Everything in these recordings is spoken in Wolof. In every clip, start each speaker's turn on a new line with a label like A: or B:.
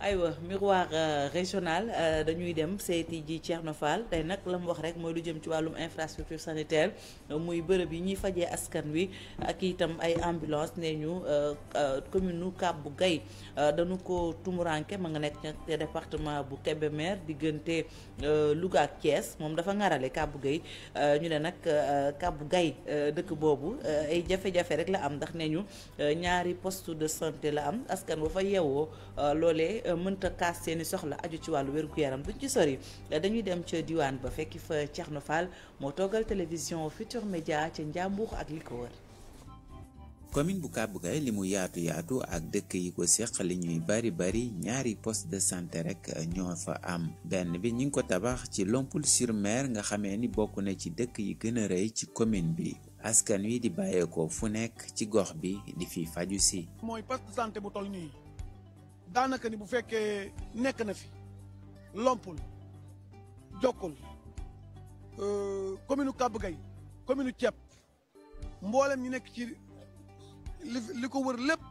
A: aywa miroir euh, régional euh, dañuy dem seeti ji Thierno Fall tey nag la mu wax rek mooy lu jëm ci wàllum infrastructure sanitaire muy bërëb yi ñuy fajee askan wi ak itam ay ambulance nee ñu euh, commune nu Cap bu Gay dañu ko tumuranke ma nga nekk ca département bu Kébémer diggante Louga ak Thiès moom dafa narale kàbbu bu Gay ñu ne nag Cap bu Gay dëkk boobu ay jafe-jafe rek la am ndax nee ñu ñaari poste de santé la am askan wa fa yeewoo loolee mënta kaas seeni soxla aju ci wàllu wér-gu-yaram duñ ci sori dañuy dem ca diwaan ba fekki fa Thierno Fall moo toggal télévision Futur Média ca Njàmbur ak li ko wër.
B: commune bu Kabougaye li mu yaatu yaatu ak dëkk yi ko seq li ñuy bari bari ñaari post de santé rek ñoo fa am benn bi ñu ngi ko tabax ci lompul sur nga xamee ni bokk na ci dëkk yi gën a rëy ci commune bi askan wi di bàyyeekoo fu nekk ci gox bi di fi faju si.
C: daanaka ni bu fekkee nekk na fi lompul jokkul euh, commune Kab Gueye commune Thiep mboolem ñi nekk ci li ko wër lépp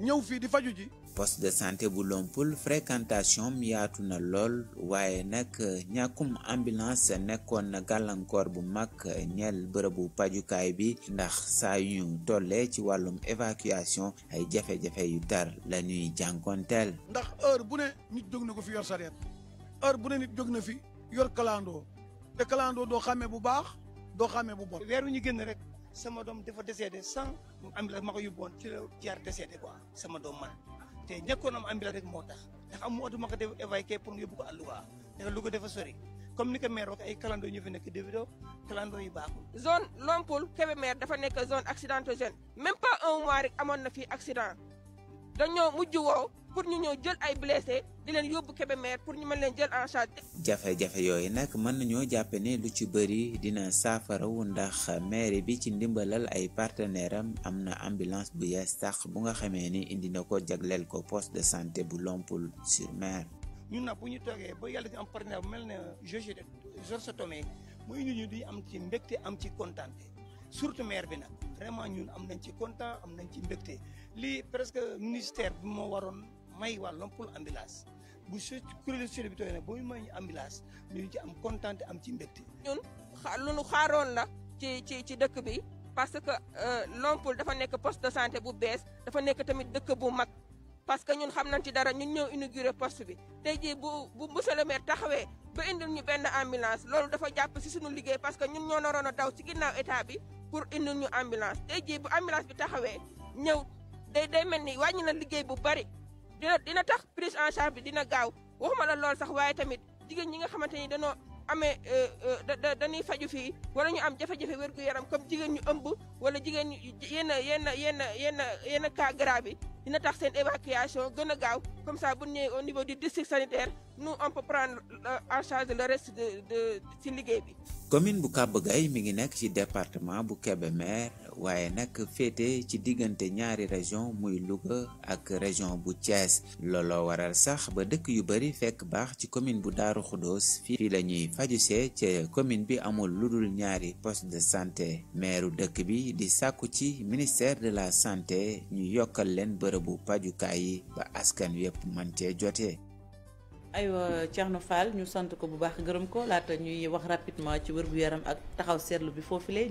C: ñëw fii di faju ji
B: poste de santé bu Lompoul fréquentation yaatu na lool waaye nag ñàkkum ambulance nekkoon na gàllankoor bu mag ñeel bërëbu pajukaay bi ndax saa yu ñu tollee ci wàllum évacuation ay jafe-jafe yu tar la ñuy jànkonteel.
C: ndax heure bu ne nit jóg na ko fi yor sareet heure bu ne nit jóg na fi yor
D: kalandoo te kalandoo doo xàmmee bu baax doo xàmmee bu bon. weer wu ñu génn rek. sama doom dafa décédé sans ambulance ma ko yóbboon ci la jaar décédé ko sama doom man te ñàkkoon am ambulance rek moo tax ndax am oto ma ko def évacué pour mu yóbbu ko à Louga sori
E: comme ni ko maire ay calando ñu fi nekk dévidéo calando yu baaxul zone Lompoul Kébémer dafa nekk zone accidentogène même pas un mois rek amoon na fii accident dañoo mujj pour ñu ñëw jël ay blessé di leen yóbbu Kébémer pour ñu mën leen jël en charge.
B: jafe-jafe yooyu nag mën nañoo jàpp ne lu ci bëri dina saafarawu ndax maire bi ci ndimbalal ay partenaire am am na ambulance bu yees sax bu nga xamee ni indi na ko jagleel ko poste de santé bu Lompul sur Mer.
D: ñun nag bu ñu toogee ba yàlla di am partenaire bu mel ne GGD Georges Tomé mooy ñu ñu di am ci mbégte am ci kontaan surtout maire bi nag vraiment ñun am nañ ci contant am nañ ci mbégte lii presque moo waroon. may wàllum pour ambulance bu su kuréelu sud bi tooy na booy may ñu ambulance ñu ci am kontaan am ci mbégte.
E: ñun lu nu xaaroon la ci ci dëkk bi parce que euh, Lompoul dafa nekk poste de santé bu bees dafa nekk tamit dëkk bu mag. parce que ñun xam nañ ci dara ñun ñëw inauguré poste bi tey jii bu bu monsieur le maire taxawee ba indil ñu benn ambulance loolu dafa jàpp si suñu liggéey parce que ñun ñoo naroon a daw si ginnaaw état bi pour indil ñu ambulance tey jii bu ambulance bi taxawee ñëw day day mel ni wàññi na liggéey bu bari dina dina tax prise en bi dina gaaw waxuma la lool sax waaye tamit jigéen ñi nga xamante ni danoo amee euh, euh, da dañuy faju fii wala ñu am jafe-jafe wérgu yaram comme jigéen ñu ëmb wala jigéen yenn yenn yenn yenn yenn cas bi dina tax seen évacuation gën a gaaw comme ça bu ñëwee au niveau du district sanitaire nous on peut prendre euh, en charge le reste de de ci liggéey bi.
B: commune bu Kaba ay mi ngi nekk ci département bu Kébémer waaye nag féete ci diggante ñaari région muy Louga ak région bu Thiès looloo waral sax ba dëkk yu bari fekk baax ci commune bu Daaru Xudoos fii la ñuy fajusee ca commune bi amul lu dul ñaari poste de santé meeru dëkk bi di sàkku ci ministère de la santé ñu yokkal leen bërëbu pajukaay yi ba askan yépp man cee jotee
A: aywa Thierno ñu sant ko bu baax gërëm ko laata ñuy wax rapidement ci wér-gu-yaram ak taxaw seetlu bi foofu la